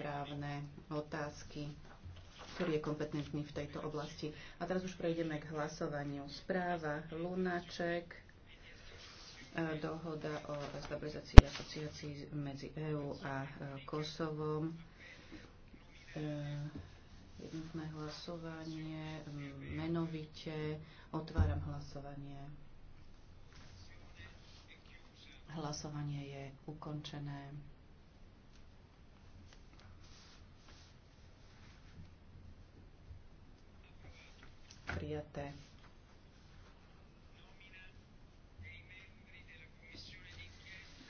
právne otázky, ktorý je kompetentný v tejto oblasti. A teraz už prejdeme k hlasovaniu. Správa Lunaček, e, dohoda o stabilizácii asociácií medzi EÚ a e, Kosovom. E, jednotné hlasovanie, menovite, otváram hlasovanie. Hlasovanie je ukončené. prijaté.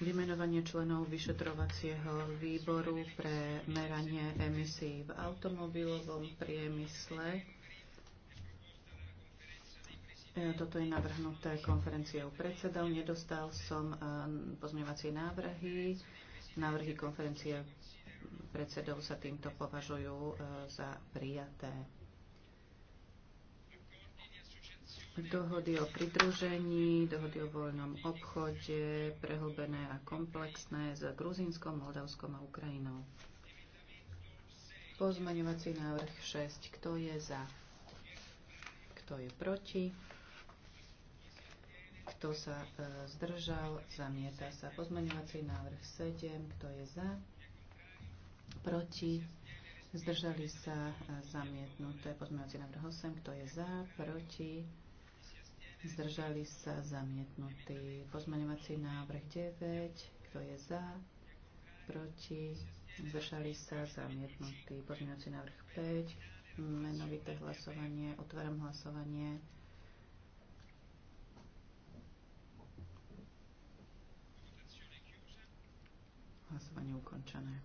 Vymenovanie členov vyšetrovacieho výboru pre meranie emisí v automobilovom priemysle. E, toto je navrhnuté konferenciou predsedov. Nedostal som e, pozmievacie návrhy. Návrhy konferencie predsedov sa týmto považujú e, za prijaté. dohody o pridružení, dohody o voľnom obchode, prehlbené a komplexné s Gruzínskom, Moldavskom a Ukrajinou. Pozmaňovací návrh 6. Kto je za? Kto je proti? Kto sa e, zdržal? Zamieta sa. Pozmaňovací návrh 7. Kto je za? Proti? Zdržali sa e, zamietnuté. Pozmaňovací návrh 8. Kto je za? Proti? zdržali sa zamietnutí. Pozmeňovací návrh 9, kto je za, proti, zdržali sa zamietnutí. Pozmeňovací návrh 5, menovité hlasovanie, otváram hlasovanie. Hlasovanie ukončené.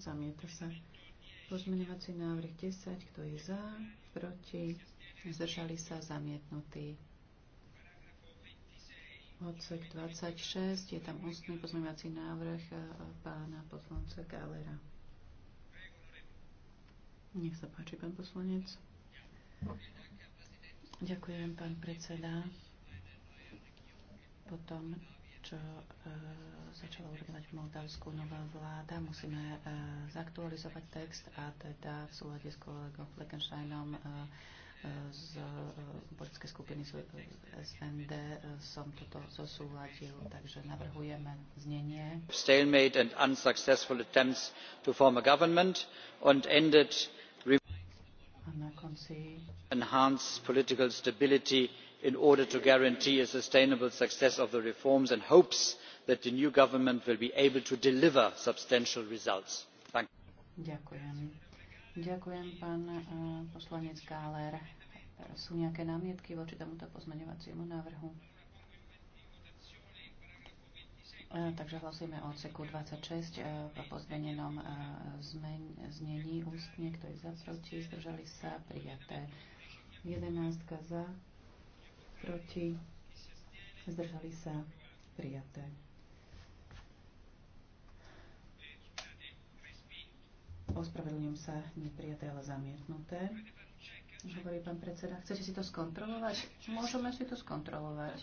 Zamieta sa. Pozmeňovací návrh 10, kto je za, proti, zdržali sa zamietnutí. Odsek 26, je tam ústny pozmeňovací návrh e, pána poslanca Galera. Nech sa páči, pán poslanec. Ďakujem, pán predseda. Potom čo e, začala urobiť v Moldavsku nová vláda. Musíme e, zaktualizovať text a teda v súlade s kolegom Fleckensteinom e, e z e, politické skupiny e, SND som toto zosúladil, takže navrhujeme znenie. Stalemate and unsuccessful attempts to form a government and ended a na konci enhance political stability in order to guarantee a sustainable success of the reforms and hopes that the new government will be able to deliver substantial results. Eh, eh, takže hlasujeme o odseku 26 eh, v pozmenenom zmen, znení ústne, kto je za, proti, zdržali sa, prijaté. 11 za, proti, zdržali sa, prijaté. Ospravedlňujem sa, neprijaté, ale zamietnuté. Hovorí pán predseda, chcete si to skontrolovať? Môžeme si to skontrolovať.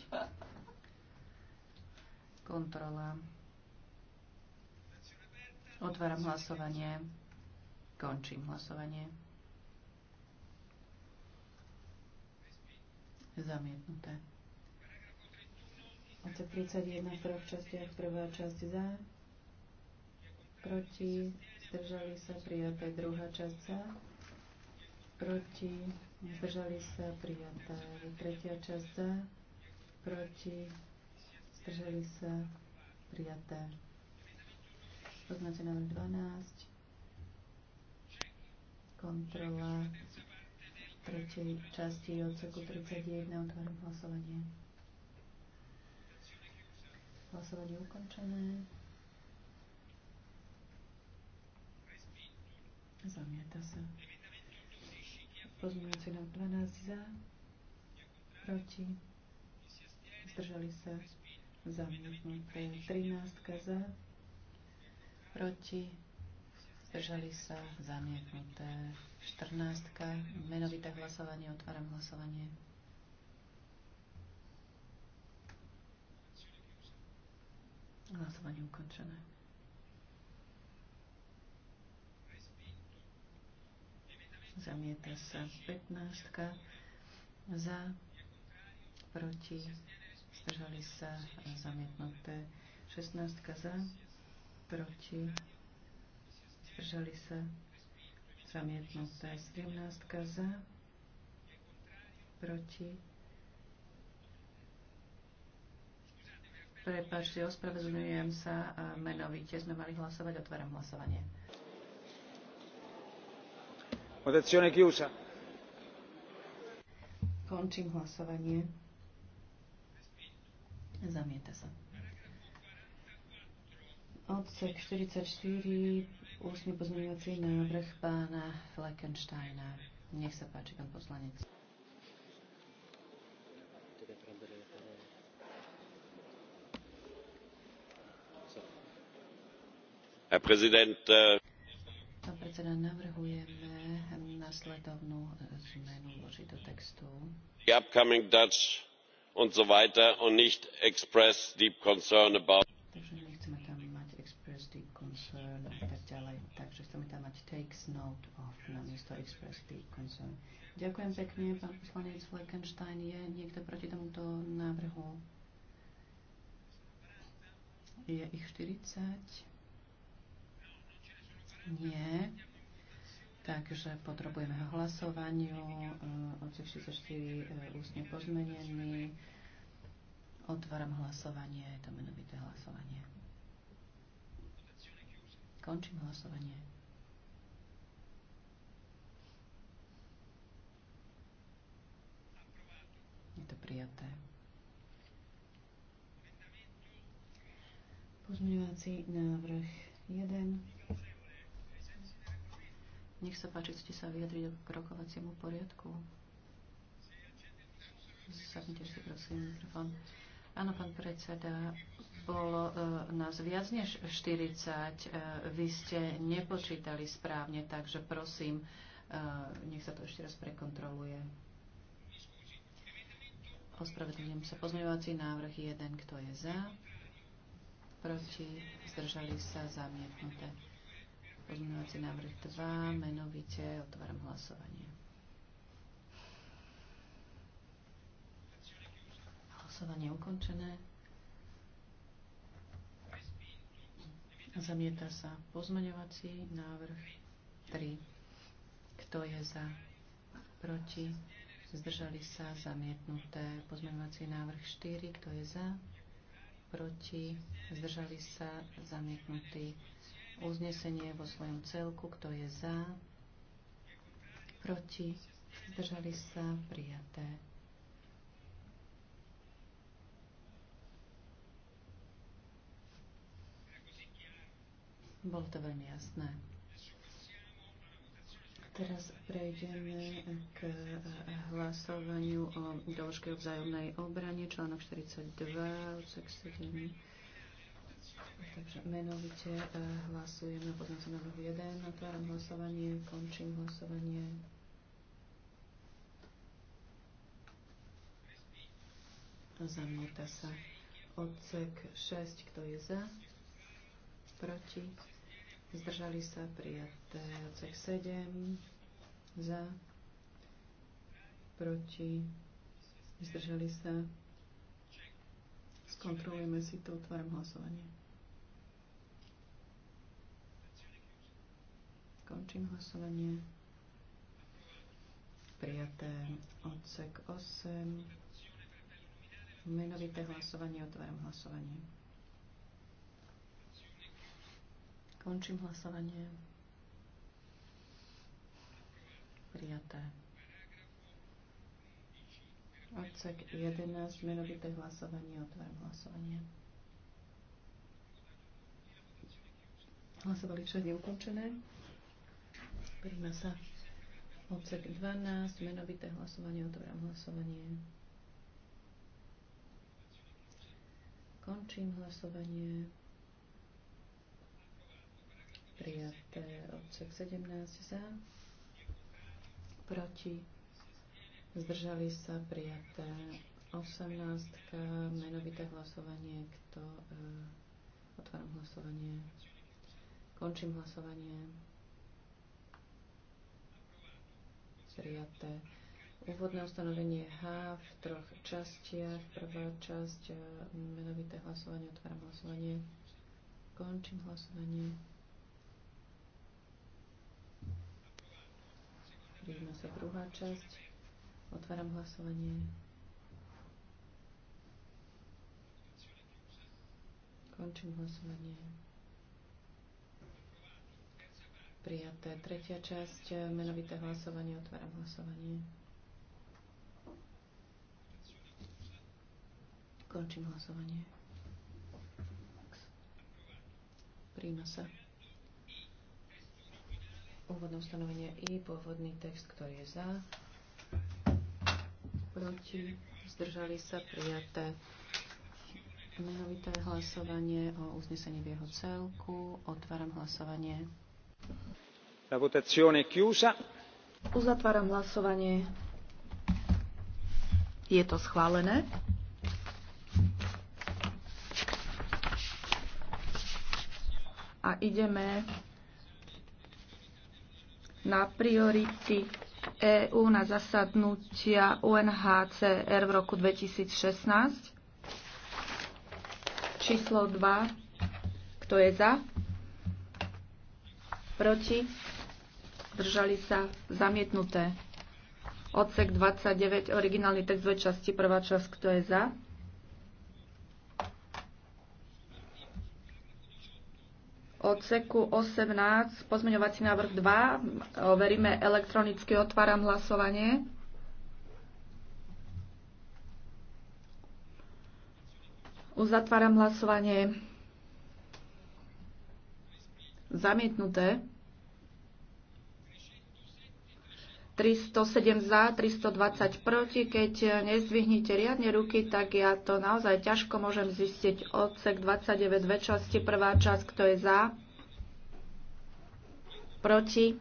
Kontrola. Otváram hlasovanie. Končím hlasovanie. Zamietnuté. Odsek 31 v troch častiach. Prvá časť za, proti, zdržali sa, prijaté. Druhá časť za, proti, zdržali sa, prijaté. Tretia časť za, proti, zdržali sa, prijaté. Poznáte návrh 12. Kontrola tretej časti odseku 31 otvorím hlasovanie. Hlasovanie ukončené. Zamieta sa. Pozmeňujúci na 12 za, proti, zdržali sa, zamietnuté. 13 za, proti, zdržali sa, zamietnuté. 14. Menovité hlasovanie. Otváram hlasovanie. Hlasovanie ukončené. Zamieta sa 15. Za, proti, zdržali sa zamietnuté 16. Za, proti, zdržali sa Zamietnuté 17 za. Proti. Prepačte, ospravedlňujem sa. Menovite sme mali hlasovať. Otváram hlasovanie. Votazione chiusa. Končím hlasovanie. Zamieta sa. Odsek 44 ústny pozmeňovací návrh pána Fleckensteina. Nech sa páči, pán poslanec. Herr Präsident, äh, Pán predseda, navrhujeme nasledovnú zmenu vložiť do textu. The upcoming Dutch und so weiter und nicht express deep concern about takes note of namiesto expressly concern. Ďakujem pekne, pán poslanec Fleckenstein. Je niekto proti tomuto návrhu? Je ich 40? Nie. Takže potrebujeme hlasovaniu. Eh, odsek 64 eh, ústne pozmenený. Otváram hlasovanie. Je to menovité hlasovanie. Končím hlasovanie. Je to prijaté. Pozmeňovací návrh 1. Nech sa páči, chcete sa vyjadriť k rokovaciemu poriadku? Zasadnite si prosím mikrofón. Áno, pán predseda, bolo e, nás viac než 40. E, vy ste nepočítali správne, takže prosím, e, nech sa to ešte raz prekontroluje. Ospravedlňujem sa. Pozmeňovací návrh 1. Kto je za? Proti? Zdržali sa? Zamietnuté. Pozmeňovací návrh 2. Menovite. Otváram hlasovanie. Hlasovanie ukončené. Zamieta sa pozmeňovací návrh 3. Kto je za? Proti? zdržali sa, zamietnuté. Pozmeňovací návrh 4, kto je za, proti, zdržali sa, zamietnutý. Uznesenie vo svojom celku, kto je za, proti, zdržali sa, prijaté. Bolo to veľmi jasné. Teraz prejdeme k hlasovaniu o doložke o vzájomnej obrane, článok 42, odsek 7. Takže menovite eh, hlasujeme o poznacom návrhu 1. Otváram hlasovanie, končím hlasovanie. Zamieta sa odsek 6, kto je za, proti, zdržali sa prijaté. Odsek 7 za, proti, zdržali sa. Skontrolujeme si to, otváram hlasovanie. Končím hlasovanie. Prijaté odsek 8. Menovité hlasovanie, otváram hlasovanie. Končím hlasovanie. Prijaté. Odsek 11, menovité hlasovanie, otváram hlasovanie. Hlasovali všetci ukončené. Príjme sa. Odsek 12, menovité hlasovanie, otváram hlasovanie. Končím hlasovanie prijaté. Odsek 17 za, proti, zdržali sa prijaté. 18. Menovité hlasovanie, kto... E, otváram hlasovanie. Končím hlasovanie. Prijaté. Úvodné ustanovenie H v troch častiach. Prvá časť, e, menovité hlasovanie, otváram hlasovanie. Končím hlasovanie. Blížime sa druhá časť. Otváram hlasovanie. Končím hlasovanie. Prijaté. Tretia časť. Eh, menovité hlasovanie. Otváram hlasovanie. Končím hlasovanie. Príjma sa úvodné ustanovenie I, pôvodný text, ktorý je za, proti, zdržali sa prijaté. Menovité hlasovanie o uznesení v jeho celku. Otváram hlasovanie. La votazione chiusa. Uzatváram hlasovanie. Je to schválené. A ideme na priority EÚ na zasadnutia UNHCR v roku 2016. Číslo 2. Kto je za? Proti? Držali sa zamietnuté. Odsek 29, originálny text dve časti, prvá časť, kto je za? odseku 18, pozmeňovací návrh 2. Overíme elektronicky, otváram hlasovanie. Uzatváram hlasovanie. Zamietnuté. 307 za, 320 proti. Keď nezdvihnete riadne ruky, tak ja to naozaj ťažko môžem zistiť. Odsek 29, dve časti, prvá časť, kto je za, proti,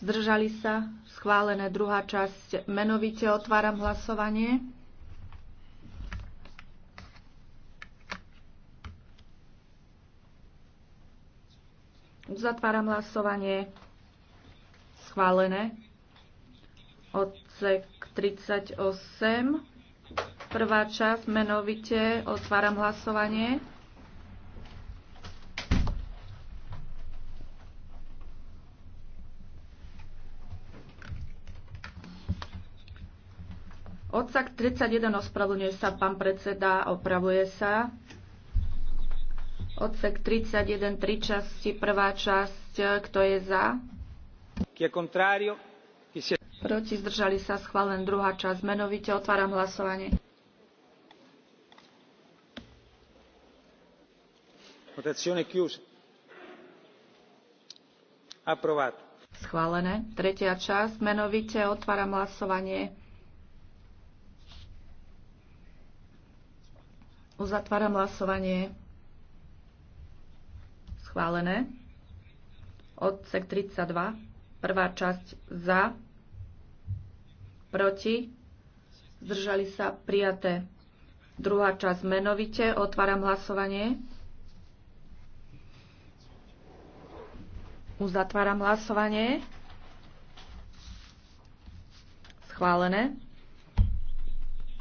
zdržali sa, schválené druhá časť. Menovite otváram hlasovanie. Uzatváram hlasovanie schválené. Odsek 38, prvá časť, menovite, otváram hlasovanie. Odsak 31 ospravedlňuje sa pán predseda, opravuje sa. Odsek 31, tri časti, prvá časť, kto je za? Proti zdržali sa schválen druhá časť. Menovite otváram hlasovanie. Votazione chiusa. Approvato. Schválené. Tretia časť. Menovite otváram hlasovanie. Uzatváram hlasovanie. Schválené. Odsek 32. Prvá časť za, proti, zdržali sa prijaté. Druhá časť menovite, otváram hlasovanie. Uzatváram hlasovanie. Schválené.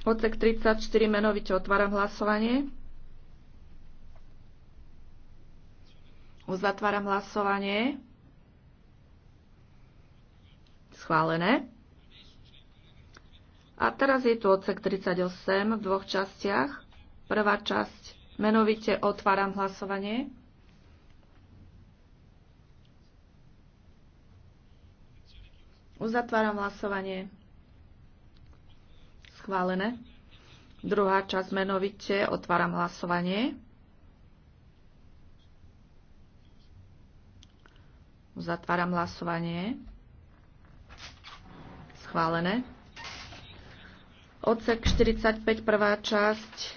Odsek 34 menovite otváram hlasovanie. Uzatváram hlasovanie schválené. A teraz je tu odsek 38 v dvoch častiach. Prvá časť, menovite otváram hlasovanie. Uzatváram hlasovanie. Schválené. Druhá časť, menovite otváram hlasovanie. Uzatváram hlasovanie. Schválené. Odsek 45, prvá časť.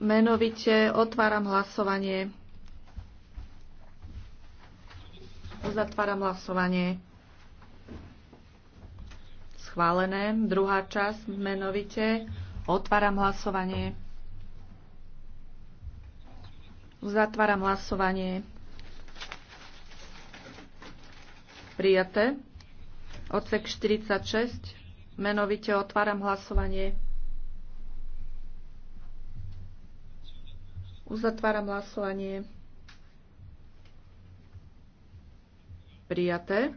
Menovite otváram hlasovanie. Uzatváram hlasovanie. Schválené. Druhá časť menovite. Otváram hlasovanie. Uzatváram hlasovanie. Prijaté. Odsek 46. Menovite otváram hlasovanie. Uzatváram hlasovanie. Prijaté.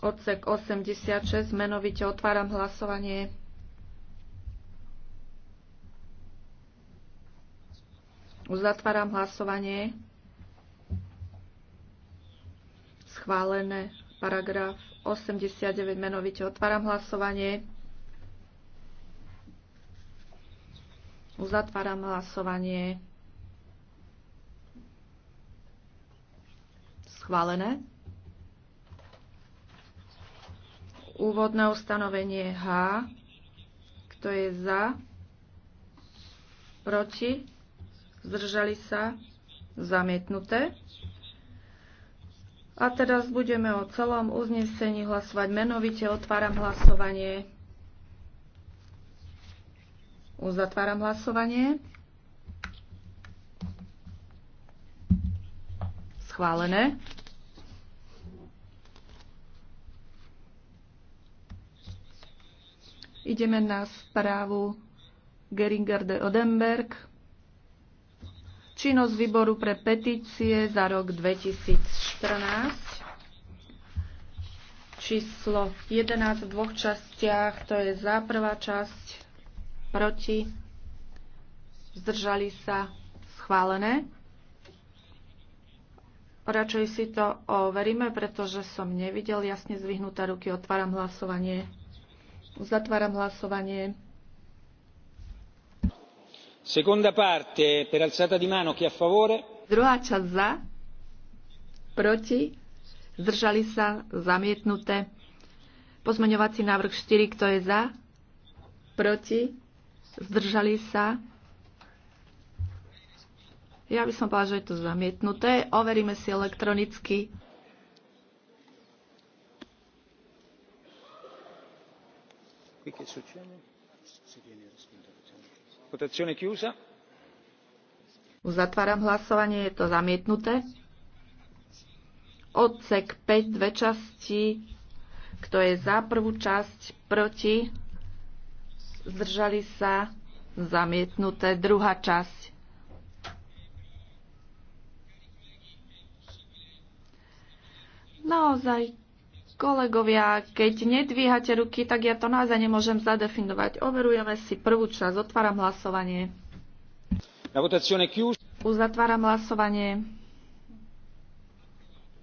Odsek 86. Menovite otváram hlasovanie. Uzatváram hlasovanie. schválené. Paragraf 89 menovite. Otváram hlasovanie. Uzatváram hlasovanie. Schválené. Úvodné ustanovenie H. Kto je za? Proti? Zdržali sa? Zamietnuté. A teraz budeme o celom uznesení hlasovať menovite. Otváram hlasovanie. Uzatváram hlasovanie. Schválené. Ideme na správu Geringer de Odenberg. Činnosť výboru pre petície za rok 2016. 14. Číslo 11 v dvoch častiach, to je za prvá časť, proti, zdržali sa, schválené. Radšej si to overíme, pretože som nevidel jasne zvyhnuté ruky. Otváram hlasovanie. Uzatváram hlasovanie. Seconda parte per alzata di mano chi a favore. Druhá časť za proti, zdržali sa, zamietnuté. Pozmeňovací návrh 4, kto je za, proti, zdržali sa. Ja by som povedala, že je to zamietnuté. Overíme si elektronicky. Uzatváram hlasovanie, je to zamietnuté odsek 5, dve časti. Kto je za prvú časť, proti, zdržali sa, zamietnuté. Druhá časť. Naozaj, kolegovia, keď nedvíhate ruky, tak ja to naozaj nemôžem zadefinovať. Overujeme si prvú časť. Otváram hlasovanie. Uzatváram hlasovanie.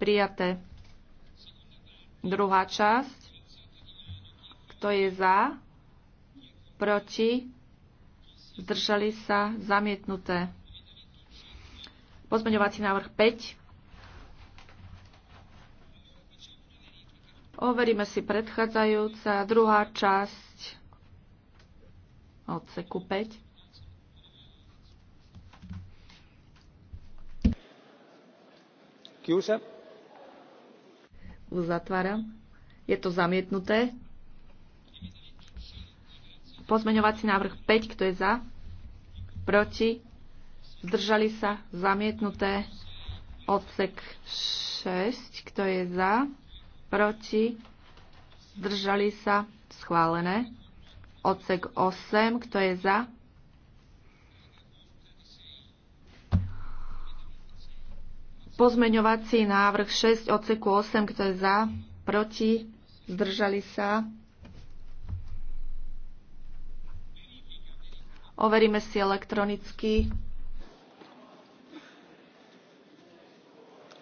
Prijaté. Druhá časť. Kto je za? Proti? Zdržali sa? Zamietnuté. Pozmeňovací návrh 5. Overíme si predchádzajúca druhá časť odseku 5. Chiusa. Uzatváram. Je to zamietnuté. Pozmeňovací návrh 5, kto je za? Proti? Zdržali sa? Zamietnuté. Odsek 6, kto je za? Proti? Zdržali sa? Schválené. Odsek 8, kto je za? Pozmeňovací návrh 6 odseku 8, kto je za, proti, zdržali sa. Overíme si elektronicky.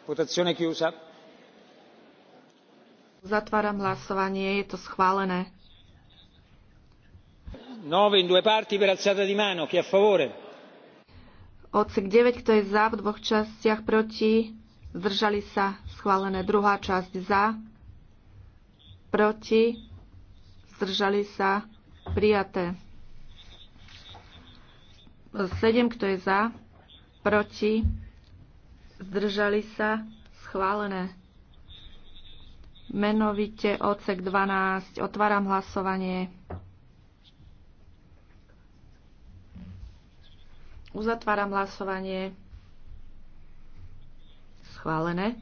Votazione chiusa. Zatváram hlasovanie, je to schválené. 9 in due parti per alzata di mano, chi a favore? Odsek 9, kto je za v dvoch častiach proti, zdržali sa schválené. Druhá časť za, proti, zdržali sa prijaté. 7, kto je za, proti, zdržali sa schválené. Menovite odsek 12. Otváram hlasovanie. Uzatváram hlasovanie. Schválené.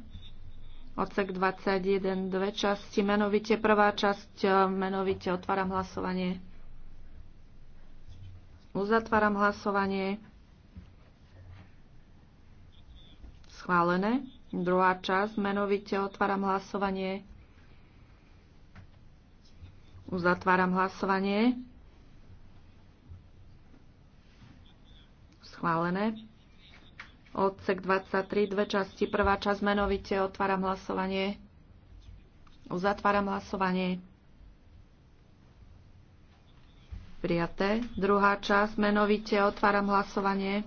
Odsek 21, dve časti, menovite prvá časť, e, menovite otváram hlasovanie. Uzatváram hlasovanie. Schválené. Druhá časť, menovite otváram hlasovanie. Uzatváram hlasovanie. Schválené. Odsek 23, dve časti. Prvá časť menovite. Otváram hlasovanie. Uzatváram hlasovanie. Prijaté. Druhá časť menovite. Otváram hlasovanie.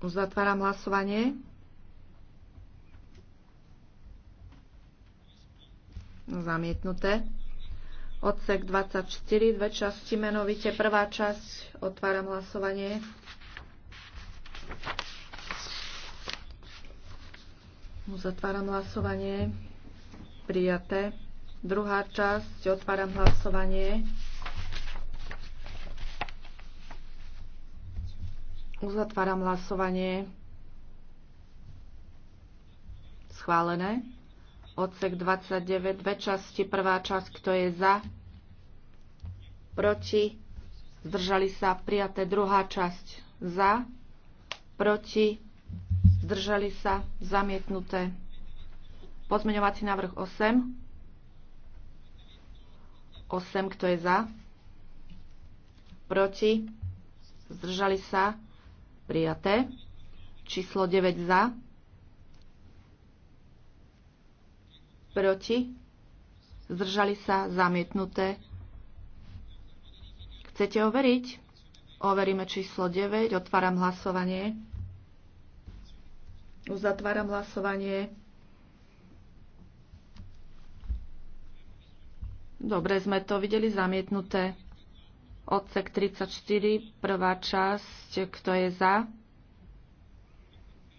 Uzatváram hlasovanie. Zamietnuté. Odsek 24, dve časti menovite. Prvá časť, otváram hlasovanie. Uzatváram hlasovanie. Prijaté. Druhá časť, otváram hlasovanie. Uzatváram hlasovanie. Schválené odsek 29, dve časti, prvá časť, kto je za, proti, zdržali sa, prijaté druhá časť, za, proti, zdržali sa, zamietnuté. Pozmeňovací návrh 8. 8, kto je za, proti, zdržali sa, prijaté. Číslo 9 za, proti, zdržali sa, zamietnuté. Chcete overiť? Overíme číslo 9, otváram hlasovanie. Uzatváram hlasovanie. Dobre, sme to videli zamietnuté. Odsek 34, prvá časť, kto je za?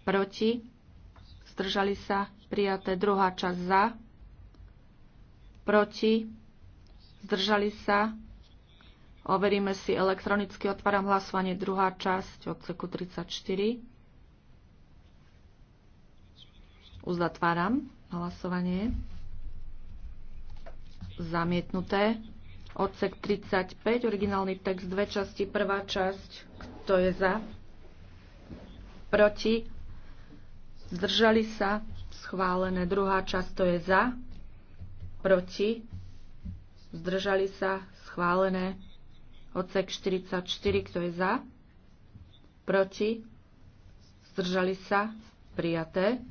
Proti? Zdržali sa? Prijaté druhá časť za? proti, zdržali sa. Overíme si elektronicky, otváram hlasovanie druhá časť odseku 34. Uzatváram hlasovanie. Zamietnuté. Odsek 35, originálny text, dve časti. Prvá časť, kto je za? Proti? Zdržali sa? Schválené. Druhá časť, to je za? proti, zdržali sa, schválené. Odsek 44, kto je za, proti, zdržali sa, prijaté.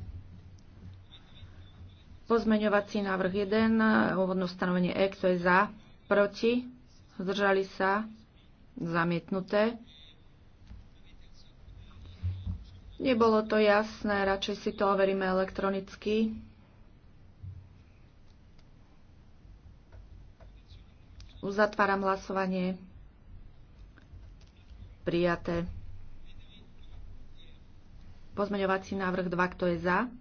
Pozmeňovací návrh 1, Úvodno stanovenie E, kto je za, proti, zdržali sa, zamietnuté. Nebolo to jasné, radšej si to overíme elektronicky. Uzatváram hlasovanie. Prijaté. Pozmeňovací návrh 2, kto je za?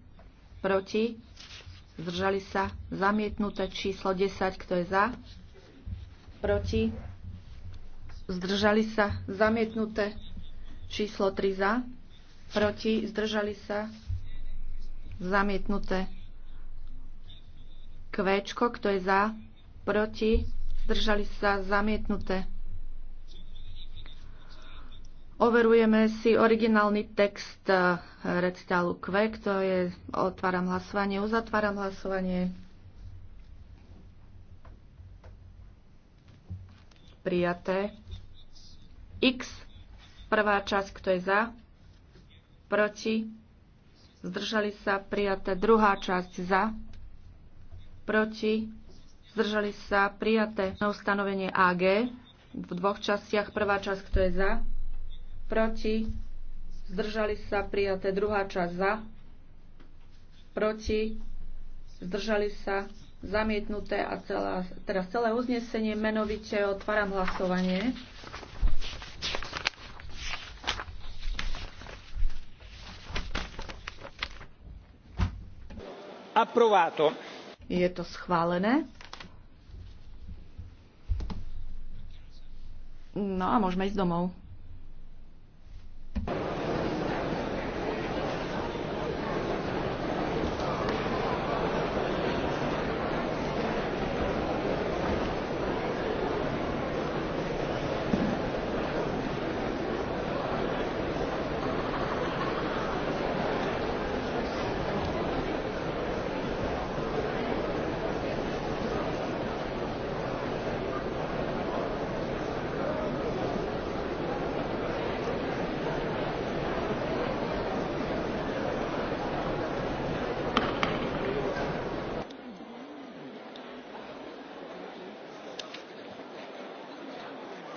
Proti? Zdržali sa? Zamietnuté číslo 10, kto je za? Proti? Zdržali sa? Zamietnuté číslo 3 za? Proti? Zdržali sa? Zamietnuté. Kvéčko, kto je za? Proti? zdržali sa zamietnuté. Overujeme si originálny text eh, recitálu Q, to je otváram hlasovanie, uzatváram hlasovanie. Prijaté. X, prvá časť, kto je za, proti, zdržali sa, prijaté, druhá časť za, proti, zdržali sa prijaté na ustanovenie AG v dvoch častiach. Prvá časť, kto je za, proti, zdržali sa prijaté druhá časť za, proti, zdržali sa zamietnuté a celá, teraz celé uznesenie menovite otváram hlasovanie. Aprovato. Je to schválené. No a môžeme ísť domov.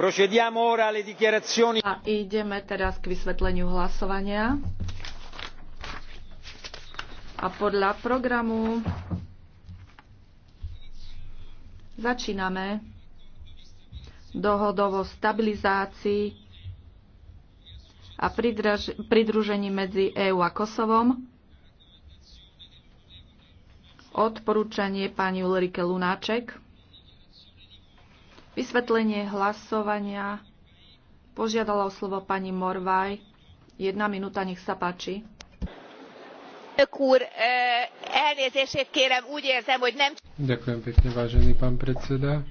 A ideme teraz k vysvetleniu hlasovania. A podľa programu začíname dohodovo stabilizácii a pridružení medzi EÚ a Kosovom. Odporúčanie pani Ulrike Lunáček. Vysvetlenie hlasovania požiadala o slovo pani Morvaj. Jedna minúta, nech sa páči. Ďakujem pekne, vážený pán predseda.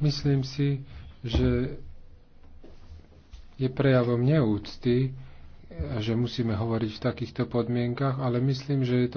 Myslím si, že je prejavom neúcty, že musíme hovoriť v takýchto podmienkach, ale myslím, že je to